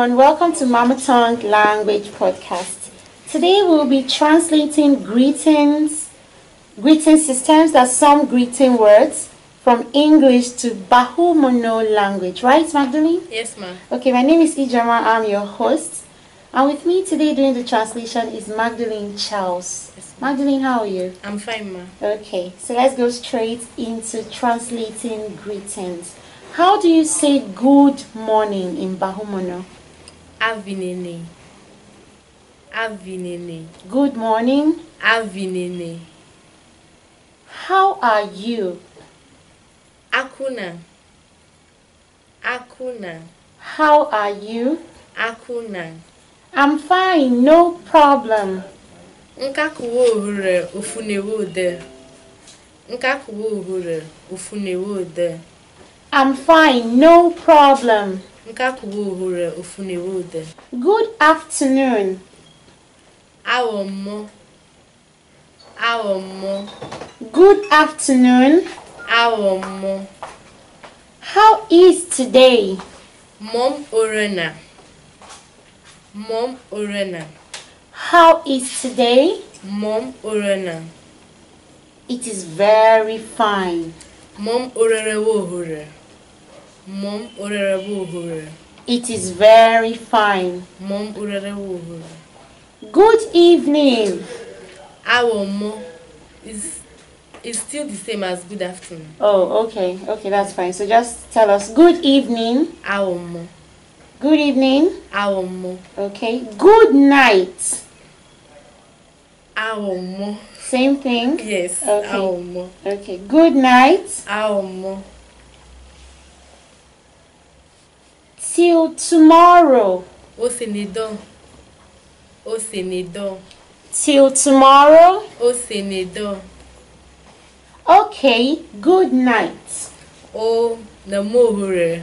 everyone, welcome to Mama Tongue Language Podcast. Today we'll be translating greetings, greeting systems, that's some greeting words from English to Bahumono language, right Magdalene? Yes ma'am. Okay, my name is Ijama, I'm your host. And with me today doing the translation is Magdalene Charles. Yes, Magdalene, how are you? I'm fine ma'am. Okay, so let's go straight into translating greetings. How do you say good morning in Bahumono? Avinene. Avinene. Good morning. Avinene. How are you? Akuna. Akuna. How are you? Akuna. I'm fine, no problem. Nkakuwa ohere ofunewe ode. Nkakuwa ohere ofunewe de. I'm fine, no problem. Good afternoon. Awomo. Awomo. Good afternoon. How is today? Mom Orena. Mom Orena. How is today? Mom Orena. It is very fine. Mom Orere Wohure. Mom Orerewohore. It is very fine. Mom Orerewohore. Good evening. Awo mo. is is still the same as good afternoon. Oh, okay. Okay, that's fine. So just tell us good evening. Awo mo. Good evening. Awo mo. Okay. Good night. Awo mo. Same thing? Yes. Okay. mo. Okay. Good night. Awo mo. Till tomorrow. Ó sì ní dán. Ó sì ní dán. Till tomorrow. Ó sì ní dán. Okay, good night. Ó na mú òhùrẹ̀.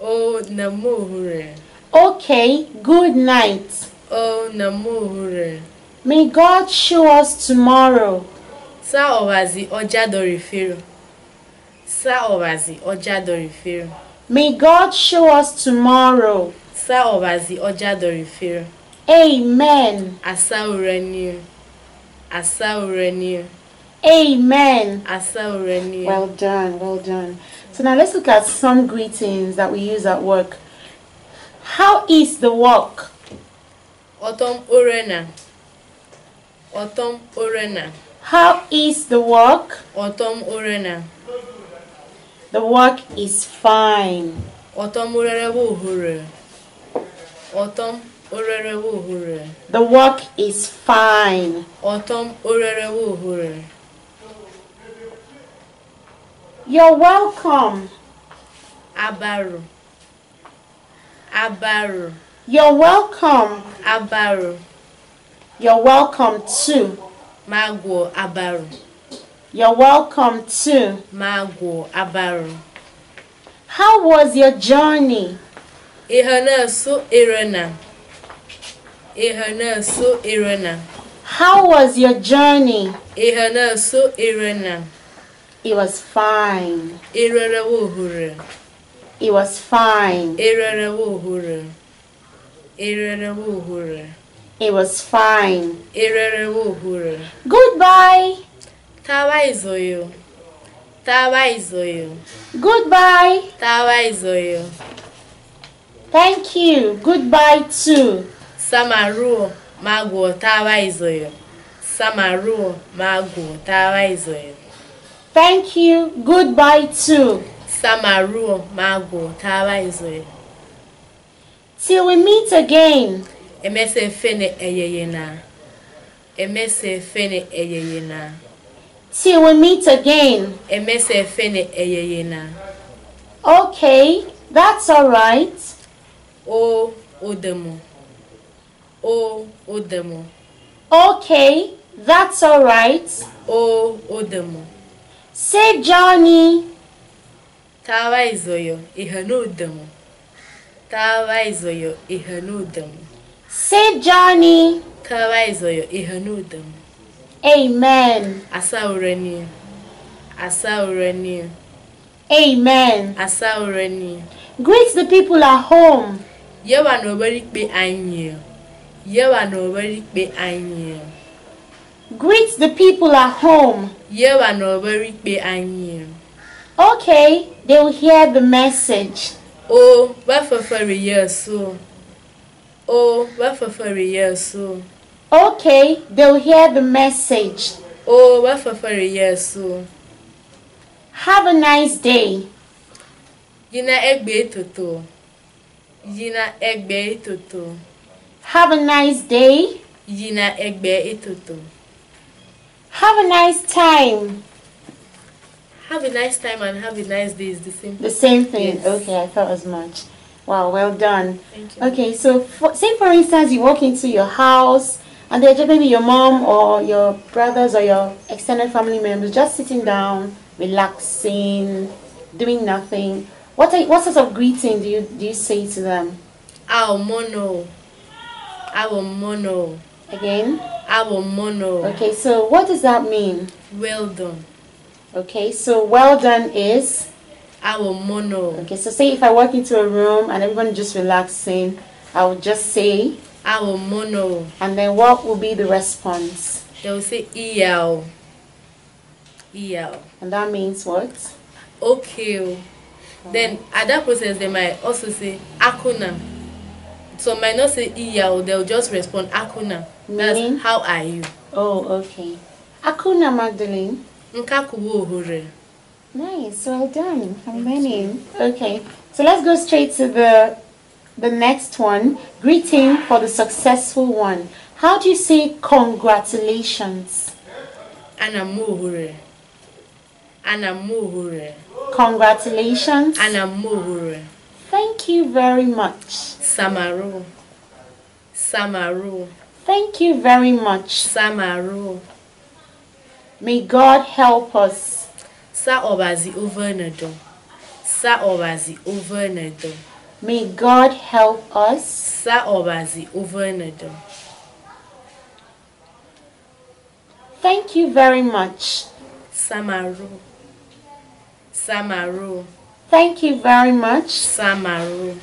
Ó na mú òhùrẹ̀. Okay, good night. Ó na mú òhùrẹ̀. May God show us tomorrow. Sa ọ̀wàzì ọjà dọ̀rìfẹ́rù. Sa ọ̀wàzì ọjà dọ̀rìfẹ́rù. May God show us tomorrow. Sá ọ̀bàzì ọjà dọ̀rìfẹ́rẹ́. Amen. Àṣà òrẹ́ ni o. Amen. Àṣà òrẹ́ Well done, well done. So now let's look at some greetings that we use at work. How is the work? Ọtọm orena. Ọtọm orena. How is the work? Ọtọm orena. The work is fine. Ọtọm orere bụ Ọtọm orere bụ The work is fine. Ọtọm orere bụ You're welcome. Abaru. Abaru. You're welcome. Abaru. You're welcome too. Magwo Abaru. You're welcome to Mago Abaru. How was your journey? Ihana so irena. Ihana so irena. How was your journey? Ihana so irena. It was fine. Irena wohure. It was fine. Irena wohure. Irena wohure. It was fine. Irena wohure. Goodbye. Tawaizoyo. Tawaizoyo. Goodbye. Tawaizoyo. Thank you. Goodbye too. Samaruo mago tawaizoyo. Samaruo mago tawaizoyo. Thank you. Goodbye too. Samaruo mago tawaizoyo. Till we meet again. Emese fene eyeyena. Emese fene eyeyena. Till we meet again. Okay, that's all right. Oh, Odemo. Oh, Odemo. Okay, that's all right. Oh, Odemo. Say Johnny. Tawa izoyo ihanudemo. Tawa izoyo ihanudemo. Say Johnny. Tawa izoyo ihanudemo. Amen. Asa ọ̀rẹ́ Asa Àṣà Amen. Asa ọ̀rẹ́ Greet the people at home. Yewa wà ní ọ̀bẹ́rí pé àyìn. Yẹ́ wà ní ọ̀bẹ́rí Greet the people at home. Yewa wà ní ọ̀bẹ́rí pé Okay, they will hear the message. Oh, wá for? For years, ẹ̀sùn. Oh, wá for? For years, ẹ̀sùn. Okay, they'll hear the message. Oh, well, for very yes. So. Have a nice day. Yina egbe toto. Yina egbe toto. Have a nice day. Yina egbe toto. Have a nice time. Have a nice time and have a nice day is the same. The same thing. Yes. Okay, I thought as much. Wow, well done. Thank you. Okay, so for, say for instance you walk into your house and they're just maybe your mom or your brothers or your extended family members just sitting down, relaxing, doing nothing. What are, what sort of greeting do you do you say to them? Our mono. Our mono. Again? Our mono. Okay, so what does that mean? Well done. Okay, so well done is our mono. Okay, so say if I walk into a room and everyone just relaxing, I would just say Our mono. And then what will be the response? They will say EL. EL. And that means what? Okay. okay. Then at that process, they might also say Akuna. So might not say EL, they'll just respond Akuna. Meaning? That's how are you? Oh, okay. Akuna Magdalene. Nkakubu Ohure. Nice, well done. I'm learning. Okay, so let's go straight to the the next one, greeting for the successful one. How do you say congratulations? Anamuhure. Anamuhure. Congratulations. Anamuhure. Thank you very much. Samaru. Samaru. Thank you very much. Samaru. May God help us. Sa obazi over nedo. Sa obazi over nedo. May God help us. Sa Saobazi Uvenadum. Thank you very much. Samaru. Samaru. Thank you very much. Samaru.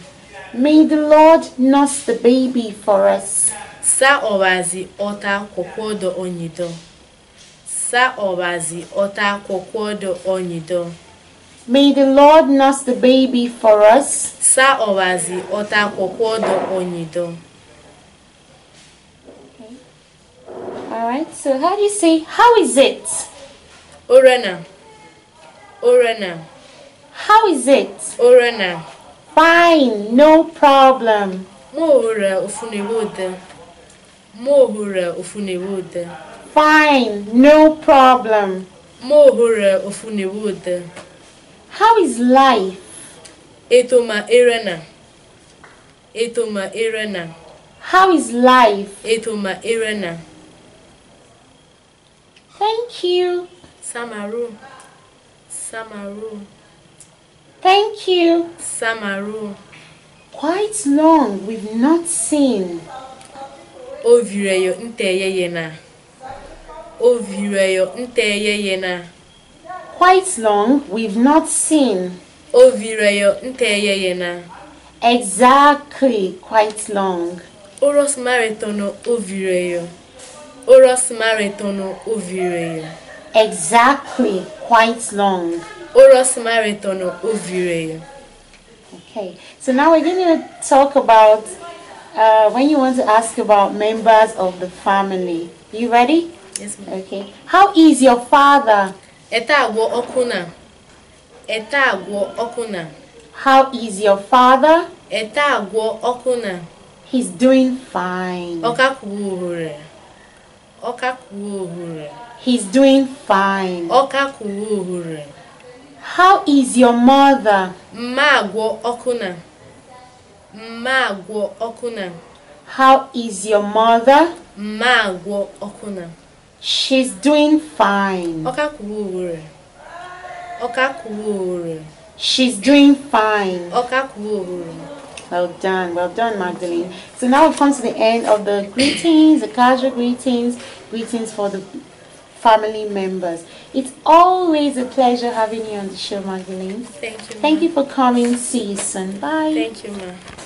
May the Lord nurse the baby for us. Sa Saobazi Ota Kokodo Onyido. Saobazi Ota Kokodo Onyido. May the Lord nurse the baby for us. Sa owazi otakokwodo onyido. Alright, so how do you say, how is it? Orana. Orana. How is it? Orana. Fine, no problem. Mohura ufunewode. Mohura ufunewode. Fine, no problem. Mohura ufunewode. How is life? Eto ma erena. Eto ma erena. How is life? Eto ma erena. Thank you. Samaru. Samaru. Thank you. Samaru. Quite long we've not seen. O vire yo nte yeye na. Quite long we've not seen. Ovireyo nteyeyena. Exactly, quite long. Oros maritono ovireyo. Oros maritono ovireyo. Exactly, quite long. Oros maritono ovireyo. Okay, so now we're going to talk about uh, when you want to ask about members of the family. You ready? Yes, ma'am. Okay. How is your father? Ete agwọ ọkụ na. Ete agwọ ọkụ na. How is your father? Ete agwọ ọkụ na. He's doing fine. Ọka kwuru Ọka kwuru He's doing fine. Ọka kwuru How is your mother? Mma agwọ ọkụ na. Mma agwọ ọkụ na. How is your mother? Mma agwọ ọkụ na. She's doing fine. Ọkà kúrò She's doing fine. Ọkà Well done, well done, Magdalene. So now we've come to the end of the greetings, the casual greetings, greetings for the family members. It's always a pleasure having you on the show, Magdalene. Thank you. Ma. Thank you for coming. See you soon. Bye. Thank you, ma.